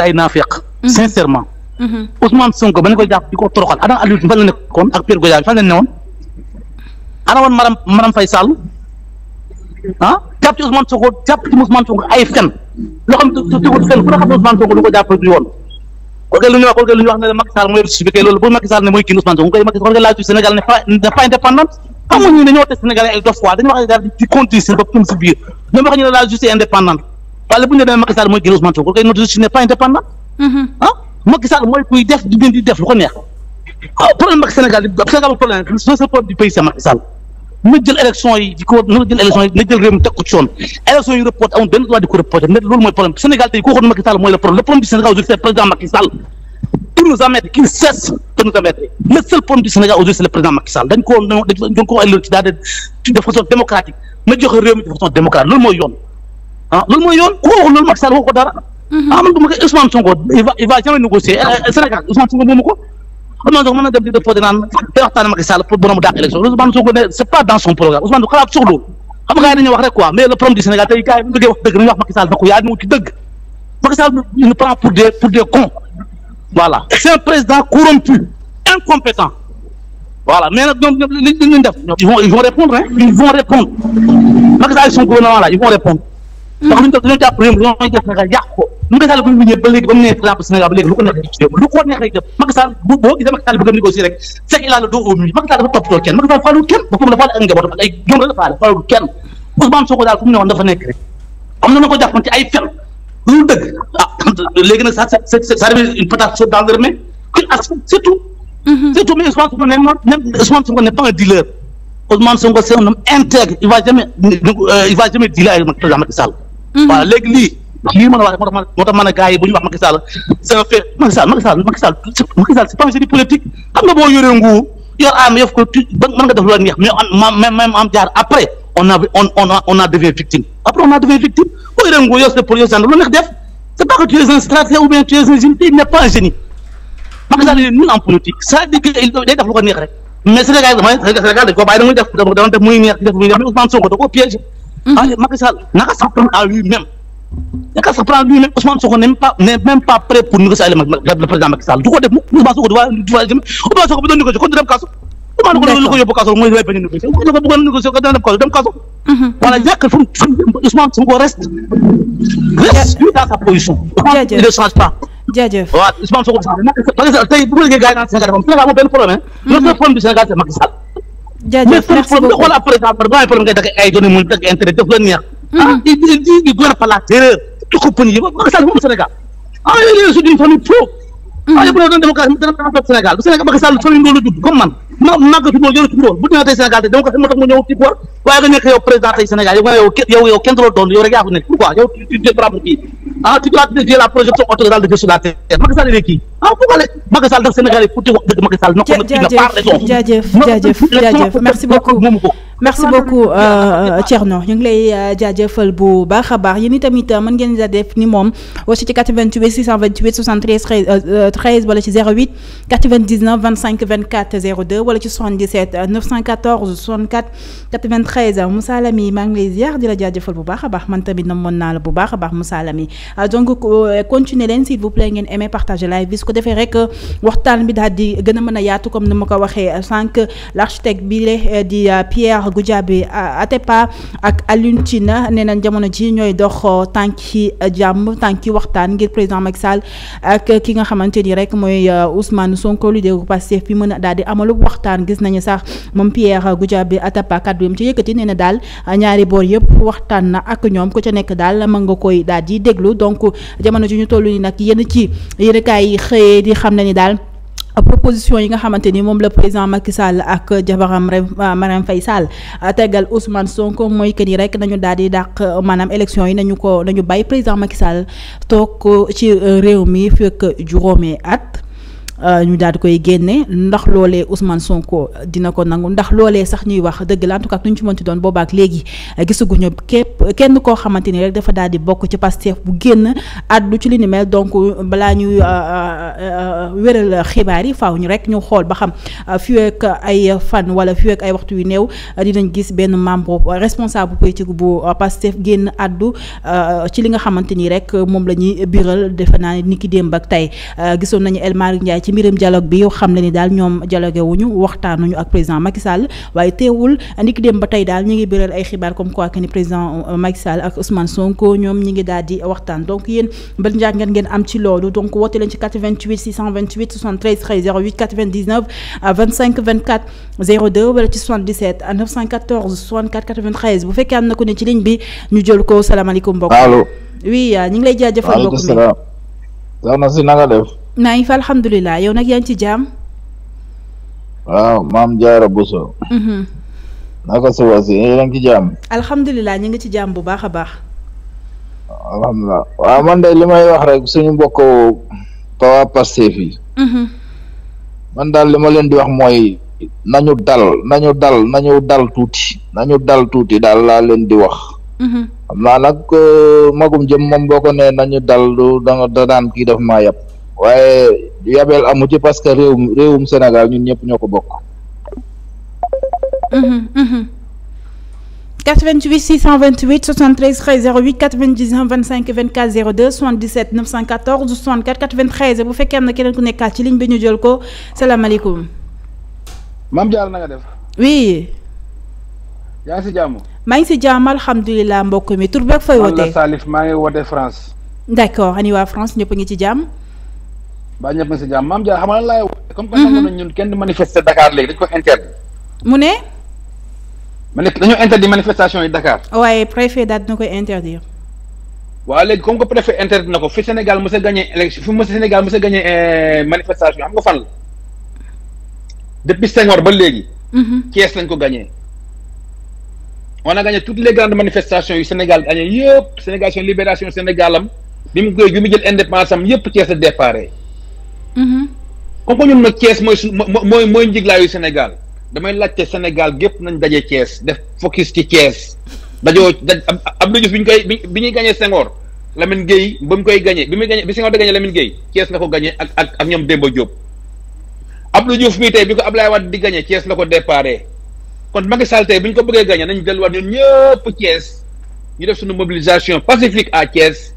après ay naafeq mhm. sincèrement mhm. Ousmane Sonko ba ñu koy jàpp di ko toroxal ana Aliou fan la nekkoon ak Pierre Goudiaby fan la newoon ana woon maram maram Faye Sall ah jàpp ci Ousmane Sonko jàpp ci Ousmane Sonko ay fen loo xam ne tegul fen ku la xam ne Ousmane Sonko lu ko jàpp di woon kon kay lu ñu wax kon kay lu ñu wax ne la Macky Sall mooy justifié loolu bu Macky Sall ne mooy kii Ousmane Sonko kay Macky Sall la justice Sénégal ne pas indépendante xam nga ñu ne ñoo te Sénégalais ay dof quoi dañu wax dara di continuer ba ci biir ñoom wax ñu ne la justice indépendante wala bu ñu demee Macky Sall mooy génn Ousmane Sonko kay notre justice pas indépendante. ah mooy kuy def di gën di def lu ko neex problème Macky Sénégal Sénégal problème problème du pays c'est Macky Sall na jël élection yi droit di ko reporté mais loolu mooy problème Sénégal tey koo xam ne Macky Sall mooy le problème le Sénégal aujourd'hui c'est le président Macky Sall pour nous amettre qu'il cesse de nous amettre le seul problème du Sénégal aujourd'hui c'est le yoon ah loolu mooy yoon ku waxul loolu Macky Sall waxu ko dara. Mhm. ah man bu ma ko Ousmane Sonko il va il va jamais négocier euh, euh, Sénégal Ousmane Sonko moomu ko Ousmane Sonko mën na dem son programme Ousmane du xalaat soxla loolu xam nga gars yi dañuy wax rek quoi mais le problème du Sénégal tey gars yi bu ñu bëggee wax dëgg dañuy wax Macky Sall na ko yaa ngi ci dëgg Macky Sall il pour des pour voilà c' un président corrompu incompétent voilà mais nag ñoom def ñoom ils vont ils vont répondre hein ils vont ndax luñ ko dañoo jàpp réew mi dañoo jàpp Sénégal yàq ko Macky Sall bu ñu ñëwee ba léegi ba mu nekk la Sénégal ba léegi lu ko neex def ci réew lu ko neex rek def Macky Sall bu boo gisee Macky Sall bëgg a négocier rek fekk il a le dos au mur Macky Sall dafa toppatoo kenn Macky Sall faalu kenn ba foofu la faale ak njabootam ak ay jom la faale faalu kenn Ousmane Sonko daal fu mu ne woon dafa nekk rek am na na ko jàppoon ci ay fen lu dëgg ah léegi nag ça ça arrive une patate chaude dans leur main c'est tout mm-hmm. c'est tout mais Ousmane Sonko ne Ousmane Sonko n'est pas un dealer Ousmane Sonko c'est un homme intègre il va jamais euh, il va jamais dealer avec Macky Sall voilà mhm. lii lii a wax moo man a bu ñu wax Macky Sall c'est un fait Macky Sall pas un génie politique xam boo yoree nguur yor am yof ko tu nga def lu la neex mais on même même am jaar après def c'est pas que tu es un pas un mais def muy neex def muy neex mais Ousmane Sonko da koo Mhm. Allez, ah, Macky Sall naka s'apprend à lui-même naka s'apprend à lui-même Ousmane Sonko n'est même pas n'est même pas prêt pour négocier avec président Macky Sall du ko def Ousmane Sonko du waa du waa jëm Ousmane Sonko bu doon négocier kon kaso Ousmane Sonko lu ko yóbbu kaso a kaso dem kaso mhm. voilà yàqal fu mu Ousmane Sonko reste reste lui sa position il ne change pas jaajëf waaw Ousmane Sonko tey bu ma liggéey gars yi naan Sénégal dafa ja merci beaucoup mais par exemple da ngay hmm. ah, faral ngay ah, a palaas. dëgg la ba Macky Sall moom Sénégal ah ma màggatu loolu yoru ci loolu bu dina Sénégal tey démocratie moo tax mu ñëw ci boor waaye nga nekk Sénégal la yi kii ah, ah pourquoi la Sénégal yi pour di wax dëgg Macky Sall na ko na par merci beaucoup merci beaucoup Thierno ñu lay euh, jaajëfal bu baax a baax yéen itamit euh, mën ngeen di def ni moom aussi ci 88 628 73 13 wala ci 08 99 25 24 02 wala ci 77 914 64 93 Moussa Lamy maa ngi lay ziar di la jaajëfal bu baax a baax man tamit namoon naa la bu baax a baax Moussa Lamy euh, donc euh, continuer leen s'il vous ngeen aimé partager live bi su ko defee rek euh, waxtaan bi daal di gën a mën a yaatu comme ni ma ko waxee sànq l'architecte bi le di Pierre Goudiaby Atepa ak Alioune Tine nee jamono ji ñooy dox tànki jàmm tànki waxtaan ngir président Macky Sall ak ki nga xamante ni rek mooy Ousmane Sonko lu dégg Pastef bi mën a daal di waxtaan gis nañu sax moom Pierre Goudiaby Atepa kàddu yam ci yëkkati nee na daal ñaari boor yëpp waxtaan na ak ñoom ku ca nekk daal mën nga koy daal di déglu donc jamono ji ñu toll nii nag yenn ci yërekaay yi xëyee di xam ne ni daal. proposition yi nga xamante ni moom la président Macky Sall ak jabaram euh, Marème Faye a tegal Ousmane Sonko mooy que ni rek nañu daal di dàq maanaam élection yi nañu ko nañu bàyyi président Macky Sall toog ci réew mi fekk Euh, ñu daal di koy génne ndax loole Ousmane Sonko dina ko nangu ndax loolee sax ñuy wax dëgg la en tout cas nu ñu ci mënti doon boobaak léegi euh, gisaguñu képp kenn koo xamante ni dafa daal di bokk ci Pastef bu génn àddu ci li ni donc balaa ñuy euh, wéral xibaar yi faaw rek ñu xool ba xam fii ay fan wala fii ay waxtu yu néew dinañ gis benn membre responsable politique bu Pastef génn àddu ci li nga xamante ni rek moom la ñuy biral defe naa niki ki démb ak tey gisoon nañu El Malick Ndiaye ci mbirum dialogue bi yoo xam ne ni daal ñoom dialogué wuñu waxtaanuñu ak président Macky Sall waaye teewul niki dem ba tey daal ñu ngi biral ay xibaar comme quoi ni président euh, Macky ak Ousmane Sonko ñoom ñi ngi daal di waxtaan donc yéen ban njàngat ngeen am ci loolu donc woote leen ci 88 628 73 13 08 99 25 24 02 wala ci 77 914 64 93 bu fekkee am na ko ne ci ligne bi ñu jël ko salaamaaleykum mbokk maa ngi fa alhamdulilah yow nag yaa ngi ci jàmm. waaw maam Diarra Bousso. Mhm. naka si waa si yéen a ci jàmm. alhamdulilah ñu ngi ci jàmm bu baax a baax. alhamdulilah waaw man de li may wax rekk suñu mbokk waa Pastef yi. Mhm. man daal li ma leen di wax mooy nañu dal nañu dal nañu dal tuuti nañu dal tuuti daal laa leen di wax. Mhm. xam naa nag euh, magum jëm moom boo ko nee nañu dal du da nga daan kii def maa yàpp. waaye yabeel amu ci parce que réewum réewum Sénégal ñun ñëpp ñoo ko bokk. 88 628 73 08 99 25 24 02 77 914 64 93 bu fekkee am na keneen ku nekkaat ci ligne bi ñu jël ko salaamaaleykum. maam Diallo na nga def. oui. yaa ngi si jàmm. maa ngi si jàmm alhamdulilah mbokk mi tur beeg fooy wootee. man la Salif maa ngi wootee France. d' accord ani waa France ñëpp a ci jàmm. baa ñëpp nga si jàmm maam Dia xam nga lan laay wax. comme que nangu mhm. nañ ñun kenn manifester Dakar léegi dañ ko interdit. mu ne. ma nekk dañoo interdit manifestation yi Dakar. waaye préfet daal dina koy interdire. waaw léegi comme que préfet interdit na ko fi Sénégal mës a gagné élection fi mu Sénégal mës a gagné eh, xam nga fan la depuis Senghor ba léegi. Mhm. Thiès lañ ko gagné. on a gagné toutes les grandes manifestations yu Sénégal gagné yëpp Sénégal libération Sénégal am bi mu koy bi mu jël indépendance am yëpp Thiès la déparé. comme mm-hmm. que ñun nag Thiès mooy su mooy mooy njiglaayu Sénégal damay laajte Sénégal gépp nañ daje Thiès def focus ci Thiès dajoo daj Abdou Diouf bi ñu koy bi ñuy gagné Senghor Lamine Gueye ba mu koy gagné bi muy gagné bi Senghor da gagné Lamine Gueye Thiès la ko gagné ak ak ak ñoom Demba Diop Abdou Diouf muy tey bi ko ab Ablaye Wade di gañee Thiès la ko déparé kon Macky Sall tey bi ñu ko bëggee gañee nañ delluwaat ñun ñëpp Thiès ñu def suñu mobilisation pacifique à Thiès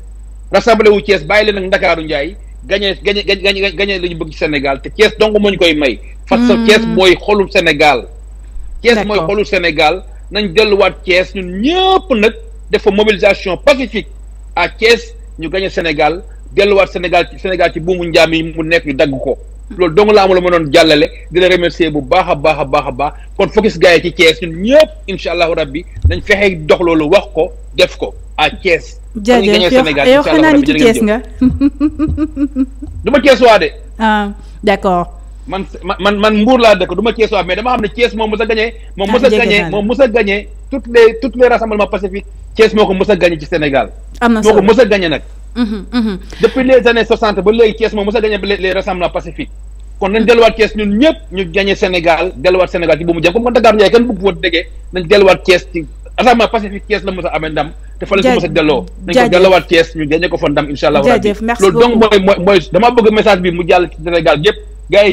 rassemblé wu Thiès bàyyi leen ak Ndakaaru Ndiaye. gañee gañee gañee gañee la ñu bëgg ci Sénégal te Thiès donc moo ñu koy may. parce que hmm. Thiès mooy xolu Sénégal. Thiès mooy xolu Sénégal nañ delluwaat Thiès ñun ñëpp nag defa mobilisation pacifique à Thiès ñu gañe Sénégal delluwaat Sénégal ci Sénégal ci buumu njaam yi mu nekk ñu dagg ko. loolu dong laa amula ma doon jàllale di la bu baax a baax a baax a baax kon focus gars yi ci Thiès ñun ñëpp incha allahu rabbi nañ fexee dox loolu wax ko def ko à Thiès. jaajëf yow xanaa nitu Cees nga. du ma Cees waa de. ah d' man man man Mbour laa dëkk du ma mais dama xam ne Cees moom mës a gagné. moom ah, mës a a gagné toutes les toutes les rassemblements pacifiques Cees moo ko mës a gagné ci Sénégal. am na solo moo ko mës a gagné nag. Mhm, mhm. depuis les années soixante ba léegi Cees moom mës a gagné les les rassemblements pacifiques. kon nañ delluwaat Thiès ñun ñëpp ñu gagné Sénégal delluwaat Sénégal ci bu mu jëm comme kon Dakar Ndiaye kenn bëgg nañ delluwaat Thiès ci Assama Pacifique Thiès la mos a amee ndam. te fa la ko mos a delloo. nañ ko ko fa ndam incha allah. jaajëf merci loolu donc mooy mooy mooy dama bëgg message bi mu jàll ci Sénégal yëpp. gars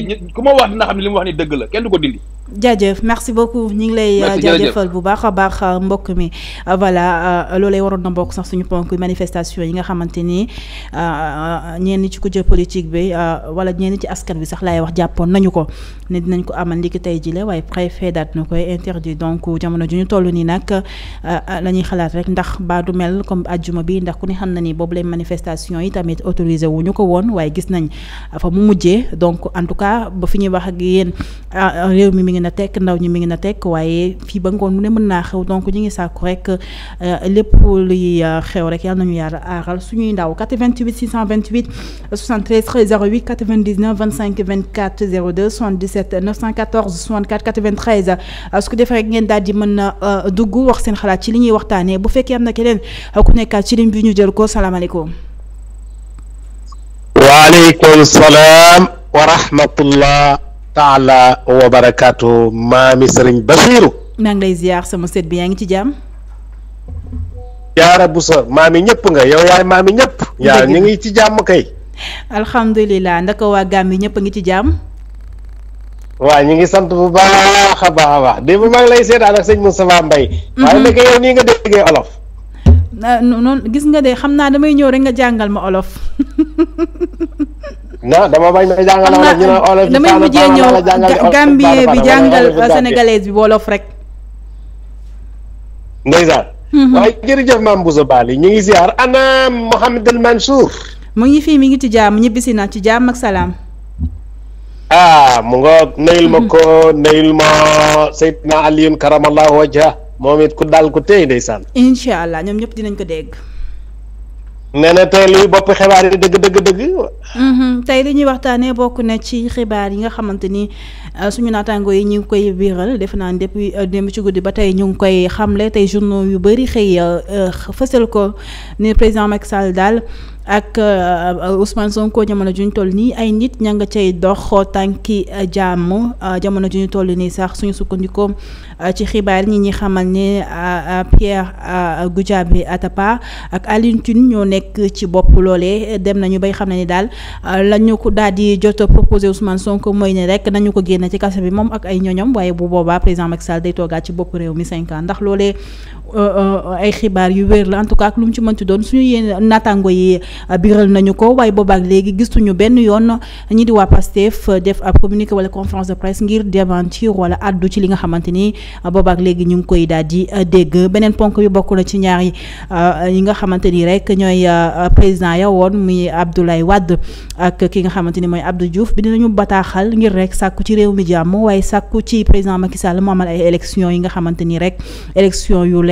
wax dina xam ne li mu wax ni dëgg la kenn du ko dindi. jaajëf merci beaucoup ñu ngi lay jaajëfal bu baax a baax euh, mbokk mi euh, voilà euh, loolay waroon na mbokk sax suñu ponk manifestation yi nga xamante ni ñenn ci kujje politique bi wala ñenn ci askan bi sax laay wax jàppoon nañu ko ne dinañ ko amal ndiki tey jile waaye préfet daat na koy interdit donc jamono ju ñu toll nii nag la ñuy xalaat rek ndax baa du mel comme ajjuma bi ndax ku ne xam na nii boobu lay manifestation yi tamit autorisé wu ñu ko woon waaye gis nañ mu mujjee donc en tout cas ba fi ngi na tekk ndaw ñi mi ngi na tekk waaye fii ba ngoon mu ne mën naa xew donc ñi ngi sàkku rek euh, lépp luy euh, xew rek yàlla nañu yàlla aaral suñuy ndaw 88 628 73 08 99 25 24 02 77 914 64 93 su ko ngeen daal mën a euh, dugg wax seen xalaat ci li ñuy waxtaanee bu fekkee am na keneen ku nekkaat ci ligne bi ñu jël ko salaamaaleykum. waaleykum salaam wa rahmatullah. taala wa barakaatu maami sëriñ ba maa ngi lay ziar sama sët bi yaa ngi ci jàmm jaara bu sa maami ñëpp nga yow yaay maami ñëpp yaa ñu ngi ci jàmm kay alhamdulilah ndaka waa Gàmbi ñëpp a ngi ci jàmm waaw ñu ngi sant bu baax a baax a baax démb maa ngi lay seetaan ak sëñ Moustapha Mbaye mm-hmm. waaye nekk yow nii nga déggee olof noonu gis nga de xam naa damay ñëw rek nga jàngal ma olof non dama bañ may jàngal wolof ñu naan wolof damay mujjee ñëw gambien bi jàngal sénégalaise bi wolof rek. ndeysaan. waaye jërëjëf maam Bousso Bali ñu ngi ziar ana Mohamed El Mansour. mu ngi fii mi ngi ci jàmm ñibbisi na ci jàmm ak salaam. ah mu nga nayul ma ko nayul ma Seydina Aliyun karamallahu wajha moom it ku daal ku téye ndeysaan. incha allah ñoom ñëpp dinañ ko dégg. nee na tey luy bopp xibaar yi dëgg dëgg dëgg. Mm-hmm. tey li ñuy waxtaanee bokk na ci xibaar yi nga xamante ni uh, suñu naataangoo yi ñu ngi koy biiral defe naa depuis uh, démb ci guddi ba tey ñu ngi koy xamle tey journaux yu bëri xëy uh, fësal ko ni président Macky Sall daal. ak euh, euh, Ousmane Sonko jamono ju ñu toll nii ay nit ña nga cay dox tànki euh, jàmm jamono ju ñu toll nii sax suñu sukkandikoo ci xibaar ñi ñi xamal ne Pierre Goudiaby Atepa ak Alioune Tine ñoo nekk ci bopp loolee dem nañu bay xam ne ni daal lañu ko daal di jot proposé Ousmane Sonko mooy ne rek nañu ko génne ci kaso bi moom ak ay ñoñom waaye bu boobaa président Macky Sall day toogaat ci bopp réew mi cinq ndax loolee. Euh, euh, ay xibaar yu wér la en tout cas ak lu mu ci ti doon su suñu yéen naataango yi euh, biral nañu ko waaye boobaak léegi gistuñu benn yoon ñi di waa Pastef def ab communiqué wala conférence de presse ngir démentir wala addu ci li nga xamante ni boobaak léegi ñu ngi koy daal di dégg beneen ponk bi bokk na ci ñaar yi nga xamante ni rek ñooy président ya woon muy Abdoulaye wadd ak ki nga xamante ni mooy Abdou Diouf bi ñu bataaxal ngir rek sàkku ci réew mi jàmm waaye sàkku ci président Macky Sall mu amal yi nga xamante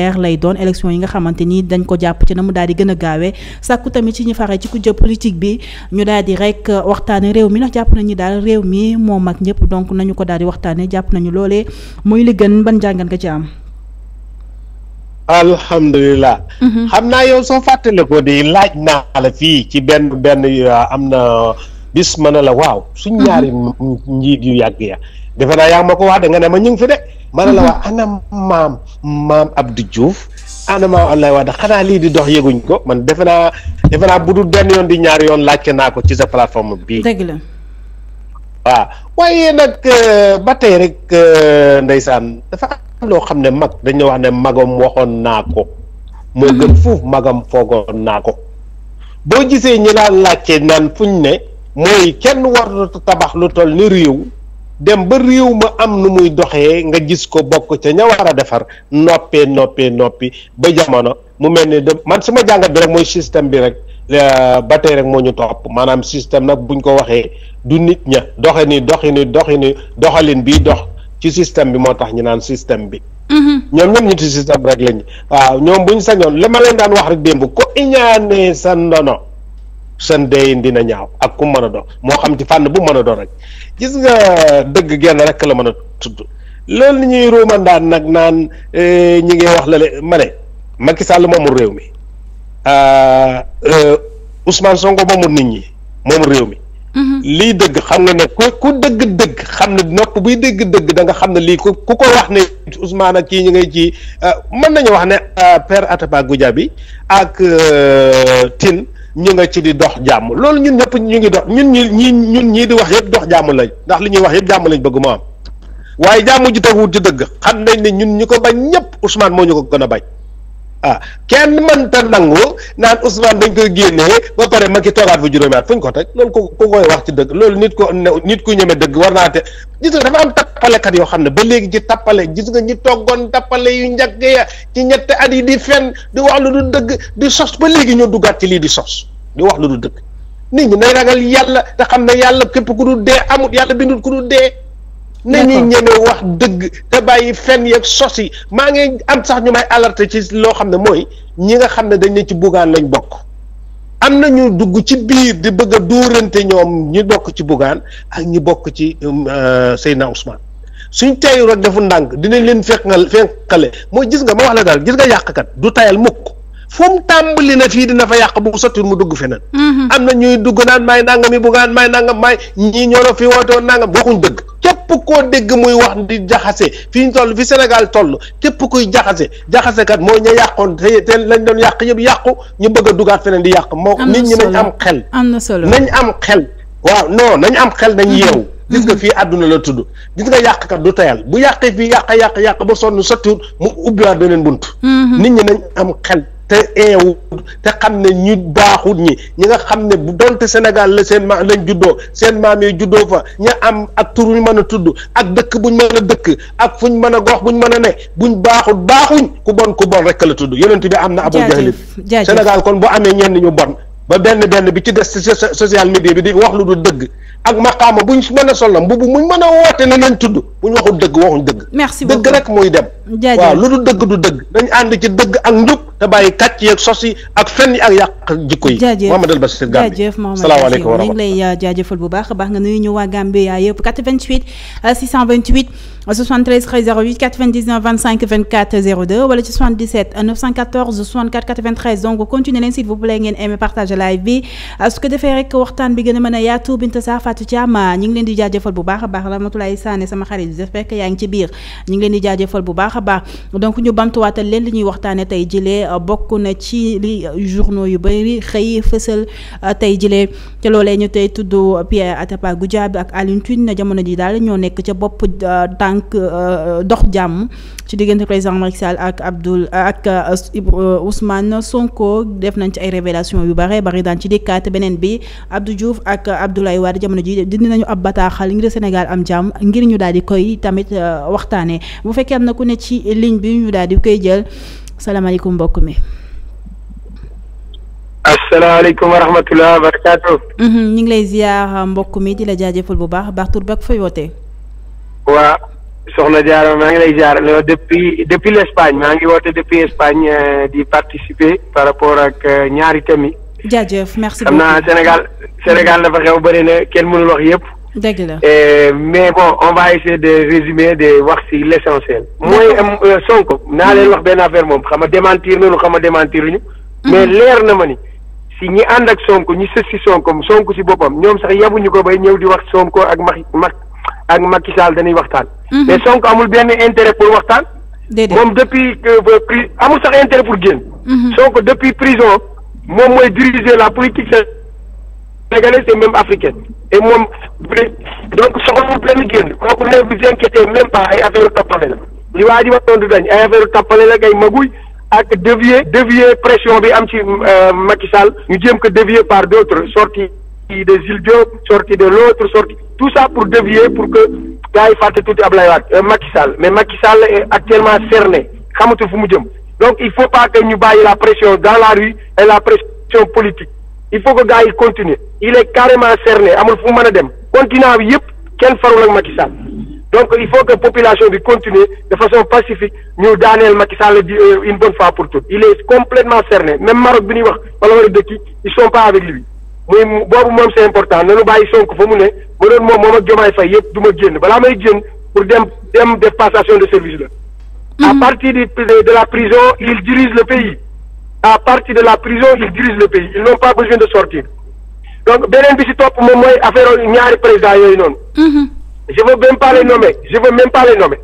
maire lay doon élection yi nga xamante ni dañ ko jàpp ci na mu daal di gën a sàkku tamit ci ñu faxee ci ku jë politique bi ñu daal di rek euh, waxtaane réew mi ndax jàpp nañu daal réew mi moo mag ñëpp donc nañu ko daal di waxtaane jàpp nañu loole muy li gën ban jàngan nga ci am alhamdulilah. Mhm. xam naa yow soo fàttale ko di laaj naa la fii ci benn benn euh, am na bis mën a la waaw suñ mhm. ñaari njiit yu yàgg ya defe naa yaa ma ko wax de nga ne ma ñu fi de ma la mhm. waa ana maam maam Abdou Diouf ana maam Abdoulaye Wade xanaa lii di dox yëguñ ko man defe naa defe naa bu dul benn yoon di ñaar yoon laajte naa ko ci sa plateforme bii. dëgg la. waaw waaye nag euh, ba tey rek euh, ndeysaan dafa am loo xam ne mag dañu wax ne magam waxoon naa ko. moo gën mhm. fuuf magam foogoon naa ko. boo gisee ñi daan laajte naan fuñ ne mooy kenn warut tabax lu toll ni réew. dem ba réew ma am nu muy doxee nga gis ko bokk ca ña war a defar noppee noppee noppi ba jamono mu mel ni de man sama jàngat bi rek mooy système bi rek euh, ba tey rek moo ñu topp maanaam système nag bu ñu ko waxee du nit ña doxe ni doxi ni doxalin bii dox ci système bi moo tax ñu naan système bi mm-hmm. ñoom ñoom ñu ci système rek lañ waaw ñoom bu buñ sañoon li ma leen daan wax rek démb ko iñaanee sa ndono seen indi na ñaaw ak ku mën a moo xam ci fànn bu mën a doon rek gis nga dëgg genn rek la mën a tudd loolu ni ñuy ruumandaan nag naan eh, ñi ngi wax la le ma ne Macky Sall moomul réew mi ah, eh, Ousmane songo moomul nit ñi moomul réew mi mhm. lii dëgg xam nga ne ku ku dëgg-dëgg xam ne nopp buy dëgg-dëgg da nga xam ne lii ku ku ko wax ne Ousmane ak kii ñu ngay ci eh, mën nañu wax ne Père Ataba Goudiaby ak Tine ñu nga ci di dox jàmm loolu ñun ñëpp ñu ngi dox ñun ñi ñi ñun ñii di wax yëpp dox jàmm lañ ndax li ñuy wax yëpp jàmm lañ bëgg mu am waaye jàmm ji tawut ci dëgg xam nañ ne ñun ñu ko bañ ñëpp Ousmane moo ñu ko gën a bañ ah kenn mënta nangu naan Ousmane dañ koy génnee ba pare ma ki toogaat fa juróomi at fu ñu ko teg loolu ku ku koy wax ci dëgg loolu nit ko nit ku ñeme dëgg war naa te gis nga dafa am tappalekat yoo xam ne ba léegi ci tappale gis nga ñi toggoon tappale yu njëkk ya ci ñetti at yi di fen di wax lu du dëgg di sos ba léegi ñoo duggaat ci lii di sos di wax lu du dëgg nit ñi nay ragal yàlla te xam ne yàlla képp ku du dee amut yàlla bindul ku du dee. nañuy ñeme wax dëgg te bàyyi fen yeeg sos yi maa ngi am sax ñu may alerté ci loo xam ne mooy ñi nga xam ne dañ ne ci bugaan lañ bokk am na ñu dugg ci biir di bëgg a dóorante ñoom ñi bokk ci bugaan ak ñi bokk ci euh, Seydina Ousmane suñ tey rek defu ndànk dinañ leen fekk nga fekkale mooy gis nga ma wax la daal gis nga yàqkat du tayal mukk fu mu tàmbali na fii dina fa yàq bu sottil mu dugg feneen. Mm-hmm. am na ñuy dugg naan maay nangam yi bugaan maay nangam maay ñii ñoo la fi woote woon nangam waxuñ dëgg. képp koo dégg muy wax di jaxase fii ñu toll fi senegal toll képp kuy jaxase jaxasekat mooy ñu yàqoon te te lañ doon yàq yëpp yàqu ñu bëgg a dugaat feneen di yàq. moo nit ñi nañ am xel. am na solo nañ am xel. waaw non nañ am xel nañ mm-hmm. yeewu. gis nga mm-hmm. fii àdduna la tudd gis nga yàqkat du tayal bu yàqee fii yàq yàq yàq ba sonn sottiwut mu ubbiwaat beneen bunt. nit ñi nañ am xel te eewu te xam ne ñu baaxut ñi ñi nga xam ne bu donte Sénégal la seen maam lañ juddoo seen maam yi juddoo fa ña am ak tur ñu mën a tudd ak dëkk buñ mën a dëkk ak fuñ mën a gox bu ñu mën a ne buñ baaxut baaxuñ ku bon ku bon rek la tudd yeneen yonent bi am na Abu Jahlin Sénégal kon bu amee ñenn ñu bon ba benn benn bi ci des ci social media bi di wax lu du dëgg ak maqaama buñ mën a sollam bu muñ mën a woote ne nañ tudd buñ waxul dëgg waxuñ dëgg. merci beaucoup dëgg rek muy dem. waaw lu du dëgg du dëgg. dañ ànd ci dëgg ak njub te bàyyi kàcc yeeg sos yi ak fenn yi ak yàq jikko yi. jaajëf Mouhamadou Bassirou Gambie jaajëf salaamaaleykum wa rahmatulah ñu ngi lay euh, jaajëfal bu baax baax nga nuyu ñu waa Gambie yaa yëpp 88 euh, euh, donc continuez leen s'il vous ngeen aimé partage live bi su ko defee rek waxtaan bi gën Fatou Thiam ah, ñu leen di jaajëfal bu baax a baax Ramatoulaye Sané sama xarit j'espère que yaa ngi ci biir ñu ngi leen di jaajëfal bu baax a baax donc ñu bamtuwaatal leen li ñuy waxtaane tey jilee ah, bokk na ci li ah, journaux yu bëri xëy fësal tey jilee te loolee ñu tey tudd Pierre Atepa Goudiaby ak Alioune Tine jamono ji daal ñoo nekk ca bopp tànk dox jàmm ci diggante président Macky Sall ak Abdoul ak Ousmane Sonko def nañ ci ay révélation yu bare bari daan ci bi jamono ji dinañu ab bataaxal ngir Sénégal am jàmm ngir ñu daal di koy tamit euh, waxtaanee bu fekkee am na ku ne ci ligne bi ñu daal di koy jël salaamaaleykum mbokk mi. asalaamaaleykum wa rahmatulah wa barakaatu. Mhm, ñu ngi lay ziar mbokk mi di la jaajëfal bu baax baax tur beeg fooy wootee. waa soxna Diarra maa ngi lay ziar depuis depuis l' Espagne maa ngi woote depuis Espagne euh, di participer par rapport ak euh, ñaari thèmes jaajëf merci beaucoup xam naa Sénégal Sénégal dafa xew bëri na kenn mënul wax yëpp. dëgg la mais bon on va de résumer de wax ci l'essentiel. mooy euh, Sonko naa leen wax benn affaire moom xam nga démentir nañu xam nga démentir ñu. Mhm. mais leer na ma ni si ñi ànd ak Sonko ñi sës si Sonko Sonko si boppam ñoom sax yabuñu ko bay ñëw di wax Sonko ak Macky ak Macky Sall dañuy waxtaan. Mhm. mais Sonko amul benn intérêt pour waxtaan. déedéet moom depuis que euh, amul sax intérêt pour génn. Mhm. Sonko depuis prison. moom mooy diriger la politique sénégalaise et même africaine et moom donc soxlawul benn génn kooku ne vous inquiétez même pas ay affaire toppale la li waa ji waxoon du dañ ay affaire toppale la ay maguy ak dévier dévier pression bi am ci euh, Macky Sall ñu jéem ko dévier par d' autres sorties de Jules Diop sortie de l' autre sortie tout ça pour dévier pour que gars yi fàtte tuuti la Wade euh, Macky Sall mais Macky Sall est actuellement cerné xamatul fu mu jëm donc il faut pas que ñu bàyyi la pression dans la rue et la pression politique il faut que gars yi continuer il est carrément cerné amul fu mën a dem continent bi yëpp kenn farul ak Macky Sall donc il faut que population di continuer de façon pacifique ñu daaneel Macky Sall di euh, une bonne fois pour toutes il est complètement cerné même Maroc bi ñuy wax wala war a dëkki ils sont pas avec lui muy boobu moom c'est important nanu bàyyi Sonko fa mu ne ma doon moom moom ak Diomaye Faye yëpp du ma génn balaa may génn pour dem dem def de service la À mhm. partir de, de, la prison, ils dirigent le pays. À parti de la prison, ils dirigent le pays. Ils n'ont pas besoin de sortir. donc beneen bi ci topp moom mooy affaire ñaari président yooyu noonu. Mhm. je veux même pas les nommer je veux même pas les nommer.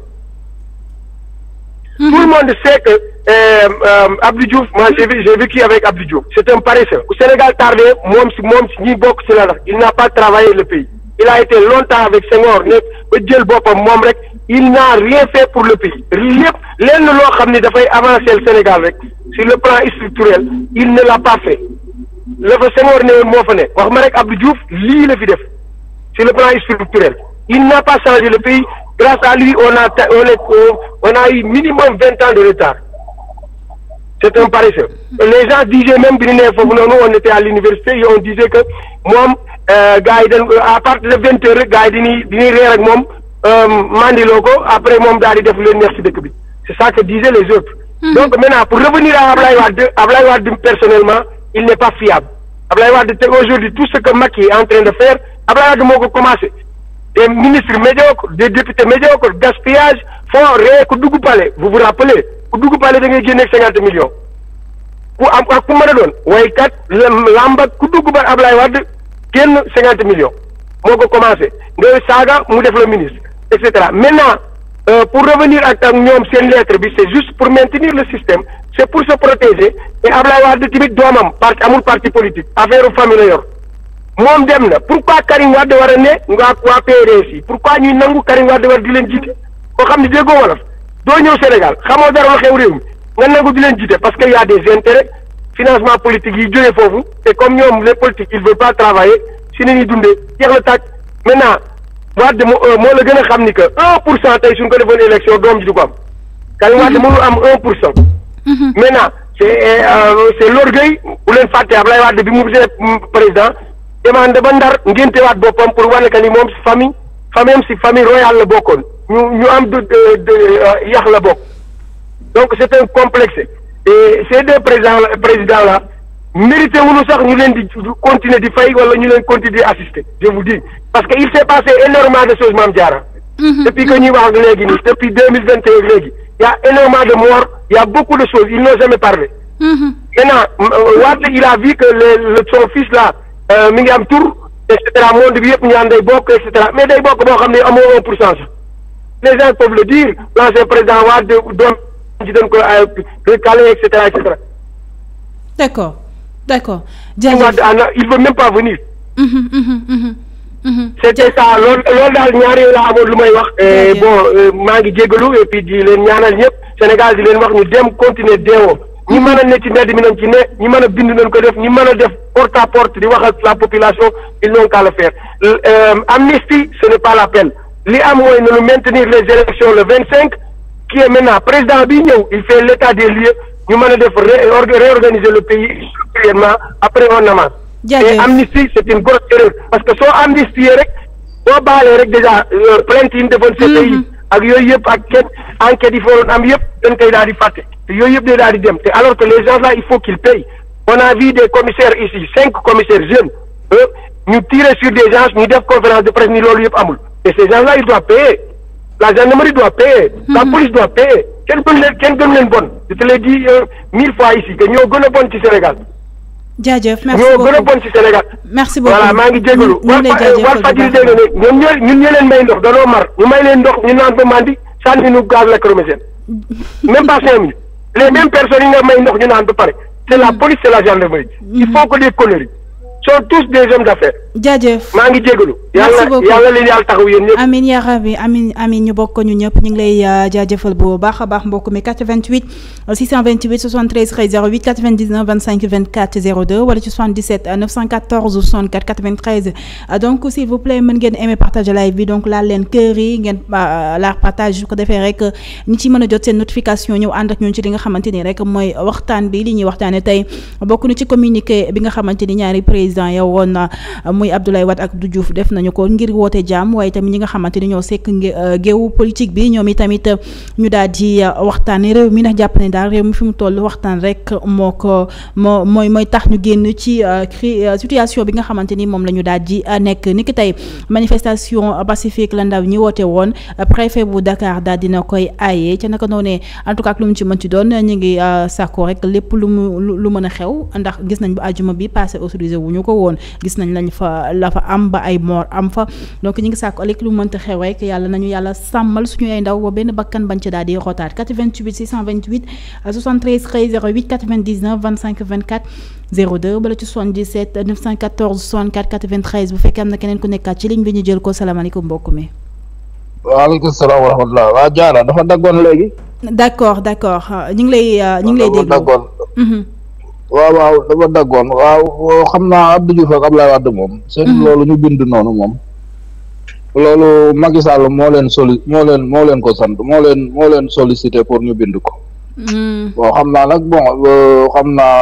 Mhm. tout le monde sait que euh, euh, Abdou Diouf moi j'ai vu j'ai vécu avec Abdou Diouf c'est Sénégal tardé moom ci moom ci ñi bokk ci la la il n'a pas travaillé le pays il a été longtemps avec Senghor ne ba jël boppam moom rek. il n'a rien fait pour le pays lépp lenn loo xam ne dafay avancer le Sénégal rek sur le plan structurel il ne l'a pas fait la fa Senghor ne woon moo fa ne wax ma rek Abdou Diouf lii la fi def sur le plan structurel il n'a pas changé le pays grâce à lui on a on est on a eu minimum vingt ans de retard c'est un paresseux les gens disaient même bi ñu nee foofu noonu on était à l'université et on disait que moom euh, gars yi dañ à partir de vingt heures rek gars yi dañuy dañuy ak moom Euh, mandiloo ko après moom daal di def lu neex ci dëkk bi c'est ça que disaient les autres. Hmm. donc maintenant pour revenir à Ablaye Wade Ablaye Wade personnellement il n'est pas fiable Ablaye te aujourd'hui tout ce que Macky est en train de faire Ablaye Wade moo ko commencé des ministres médiocres des députés médiocres gaspillage fond ree ku dugg palais vous vous rappelez ku dugg palais da ngay génneeg cinquante millions ku am ak ku mën a doon waykat làmbak ku dugg ba Ablaye Wade génn cinquante millions moo ko commencé ngay mu def la ministre et cetera maintenant euh, pour revenir ak ñoom seen lettre bi c'est juste pour maintenir le système c'est pour se protéger et Ablaye Wade tamit doomam parti amul parti politique affaire famille la yor moom dem na pourquoi Karim Wade war a ne nga waa PDS yi pourquoi ñuy nangu Karim Wade war di leen jiite koo xam ne déggoo wolof doo ñëw Sénégal xamoo dara xew réew mi nga nangu di leen jiite parce que y a des intérêts financement politique yi jógee foofu te comme ñoom les politiques dundee jeex na Wade euh, moo la gën a xam ni que un pour cent tey suñ ko defoon élection doom ji du ko am Karim Wade mhm. mënul am un pour cent mhm. maintenant c' est euh, c' est l'orgueil bu leen fàtte Ablaye Wade bi mu see président demande ba ndar ngéntewaat boppam pour wane que ni moom si famille famille am si famille royale la bokkoon ñu ñu am de euh, yax la bokk donc c' en un e et ces deux la président la mérité wuñu sax ñu leen di continuer di fay wala ñu leen continuer di assister je parce que il s'est passé énormément de choses maam Diarra. Mhm. depuis que ñuy wax ak léegi nii depuis deux mille vingt et un léegi. y' a énormément de morts y' a beaucoup de choses ils n'ont jamais parlé. maintenant mhm. euh, Wade il a vu que le son fils là euh, mi ngi am tur et cetera monde bi yëpp ñaan day bokk et cetera mais day bokk boo xam ne amoo un pour cent les gens peuvent le dire l'ancien président Wade doon ci dañ ko euh, recalé et cetera et cetera. d' accord d' accord. jaajëf ah il veut même pas venir. Mhm, Mm-hmm. c'était ça lool loolu daal ñaar yooyu laa lu may wax. Euh, bon euh, maa ngi jégalu et puis leen ñaanal ñëpp Sénégal di leen wax ñu dem continuer deewoo. ñi mm-hmm. mën a ne ci mbedd mi nañ ci ne ñi mën a bind nañ ko def ñi mën a def porte à porte wax ak la population ils n'ont qu'à le faire euh, amnistie ce n'est pas la peine li am mooy na ñu maintenir les élections le vingt cinq qui est maintenant président bi ñëw il fait l'état des lieux ñu mën a def réorganiser le pays réellement après on avance te amnistie c'est une grosse erreur parce que soo amnistie rek boo baalee rek déjà euh, plainte yi ñu defoon CPI yi mhm. ak yooyu yëpp ak kenn enquête yi fooroon am yëpp dañ koy daal di fàtte te yooyu yëpp day daal di dem te alors que les gens là il faut qu'ils payent on a vu des commissaires ici cinq commissaires jeunes ñu tirer sur des gens ñu def conférence de presse ni loolu yëpp amul et ces gens là ils doivent payer la gendarmerie doit payer la mhm. police doit payer kenn gën leen kenn gën leen bon je te l'ai dit euh, mille fois ici que ñoo gën a bon ci Sénégal jaajëf merci beaucoup ñoo gën a bon ci Sénégal. merci beaucoup voilà maa ngi jégalu. ñu ngi lay jaajëfal bu baax dégg nga ñun ñoo ñun ñoo leen may ndox danoo mar ñu may leen ndox ñu naan ba mandi sànni nu gaz lacrymogène même pas cinq minutes les mêmes personnes yi nga may ndox ñu naan ba pare c'est la police c'est la gendarmerie. il faut que les conneries. sont tous des hommes maa ngi jégalu. merci beaucoup leen yaa ñu ñëpp ñu ngi lay euh, jaajëfal bu baax a baax mbokk mi 88 628 73 08 99 25 24 02 wala ci 77 914 64 93 donc s'il vous plaît mën ngeen aimer partage la euh, partage su ko defee rek euh, ñi ci mën a jot seen notification ñëw ànd ak li nga xamante ni rek mooy waxtaan bi li ñuy waxtaanee tey bokk na ci communiqué bi nga xamante ni ñaari président président ya woon euh, muy Abdoulaye Wade ak Abdou Diouf def nañu ko ngir woote jàmm waaye tamit ñi nga xamante ni ñoo sekk euh, géewu politique bi ñoom i tamit ñu daal waxtaan euh, waxtaane réew mi ndax jàpp ne daal réew mi fi mu toll waxtaan rek moo ko moo mooy mooy tax ñu génn ci situation bi nga xamante ni moom lañu ñu daal di nekk ni ki tey manifestation pacifique la ndaw ñi woote woon préfet bu Dakar daal dina koy aaye ca naka noonee en tout cas ak lu mu ci mën ci doon ñu ngi sàkko rek lépp mu lu mën a xew ndax gis nañ bu ko woon gis nañ lañ fa la fa am ba ay moor am fa donc ñu ngi sàkku alek lu mënta xew rek yàlla nañu yàlla sàmmal suñu ay ndaw ba benn bakkan bañ ci daal di rotaat 88 628 73 13 08 99 25 24 02 bala ci 77 914 64 93 bu fekkee am na keneen ku nekkaat ci ligne bi ñu jël ko salaamaaleykum mbokk mi. waaleykum salaam wa rahmatulah waa Diarra d' waaw waaw dafa daggoon waaw xam naa Abdou Diouf ak Abdoulaye Wade moom. Mm-hmm. seen loolu ñu bind noonu moom. loolu Macky moo leen soli moo leen moo leen ko sant moo leen moo leen solicité pour ñu bind ko. Mm-hmm. bon xam naa nag bon euh, xam naa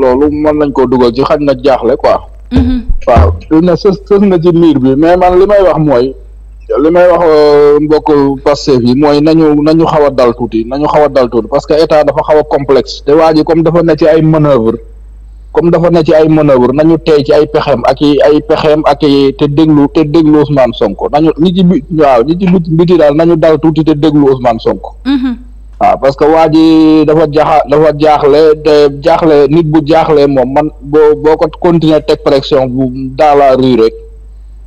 loolu mën nañ koo dugal ci xaj na jaaxle quoi. Mm-hmm. waaw du ne sës sës na ci miir bi mais man li may wax mooy. li may wax euh, mbokk Pastef yi mooy nañu nañu xaw a dal tuuti nañu xaw a dal tuuti parce que état dafa xaw a complexe te waa ji comme dafa ne ci ay manœuvre comme dafa ne ci ay manœuvre nañu tey ci ay pexeem ak i ay pexeem ak te déglu te déglu Ousmane Sonko nañu ñi ci bi waaw ñi ci biti daal nañu dal tuuti te déglu Ousmane Sonko. Mm-hmm. waaw parce que waa ji dafa jaaxa dafa jaaxle te jaaxle nit bu jaaxlee moom man boo boo ko continuer teg pression bu dans la rek.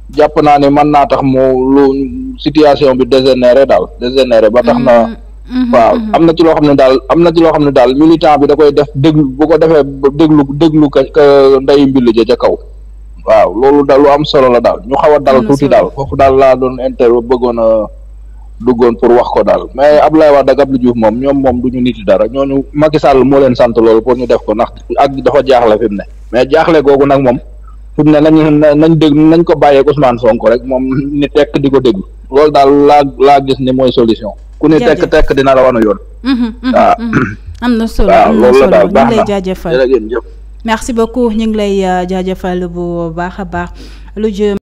jàpp naa ne man naa tax mu lu situation bi dégénéré daal dégénéré ba tax na mm-hmm. Mm-hmm. waaw mm-hmm. am na ci loo xam ne daal am na ci loo xam ne daal militant bi da koy def déglu bu ko defee déglu déglu ka ndeyu mbill ja ca kaw waaw loolu daal lu am solo la daal ñu xaw a dal tuuti daal foofu daal laa doon interview bëggoon a duggoon pour wax ko daal mais Abdoulaye Wade ak lu Diouf moom ñoom moom du ñu nit dara ñooñu Macky Sall moo leen sant loolu pour ñu def ko ndax ak dafa jaaxle fi mu ne mais jaaxle googu nag fu ne nañu nañ dégg nañ ko bàyyeeg Ousmane sonk rek moom ni tekk di ko dégg loolu daal laa laa gis ni mooy solution ku ni tekk tekk dina la wan yoon mm-hmm, mm-hmm, mm-hmm. waaw am na solo am na solo ñu ngi lay jaajëfal merci beaucoup ñu ngi lay euh, jaajëfal bu baax a baax lu jëm